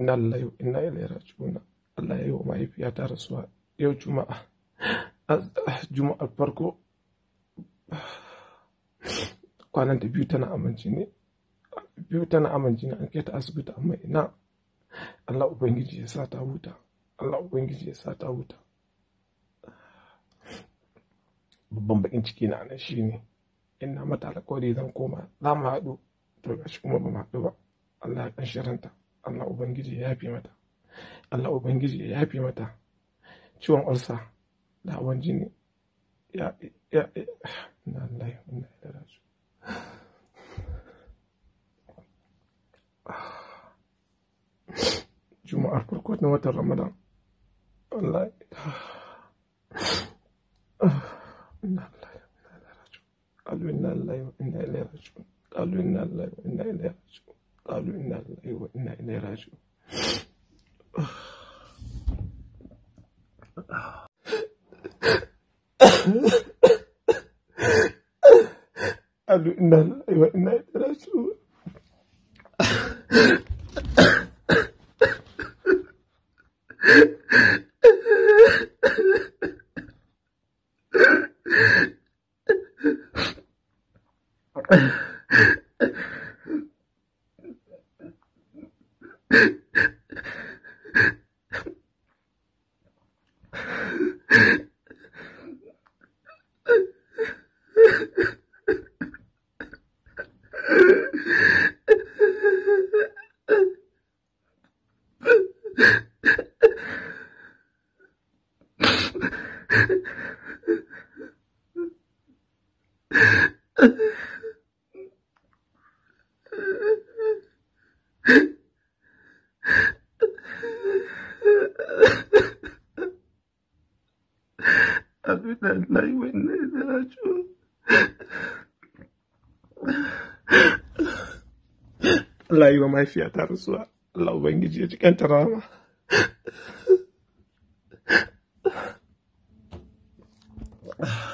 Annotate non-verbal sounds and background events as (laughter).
inna lillahi wa inna ilaihi raji'un Allah ya yi wa mahaifiyata rasuwa yau juma'a ah, ah, juma'a farko kwanan da biyu tana amince ne biyu tana amince ne an kai ta asibiti amma ina Allah ubangiji ya sa ta huta Allah ubangiji ya sa ta huta babban bakin ciki na nan shi ne. ina mata alƙawari zan koma za mu haɗu to gashi kuma ba mu haɗu ba Allah ya shirinta. Allah Ubangiji ya yafe mata Allah Ubangiji ya yafe mata ciwon ulsa da hawan jini ya ya na Allah inna ilaihi raji'un Juma'a farko na watan Ramadan wallahi inna Allah inna ilaihi raji'un قالوا إنا لله وإنا إليه راجعون قالوا إنا لله وإنا إليه راجعون قالوا إنا أيوة، إنا إليه راجعون قالوا إنا أيوة إنا إليه راجعون Yeah. (laughs) Yeah. (laughs) Abinda na yi wanne da rajo. Allah yi wa mahaifiya ta rasuwa, Allah Ubangiji ya cikin ta rama. Ah.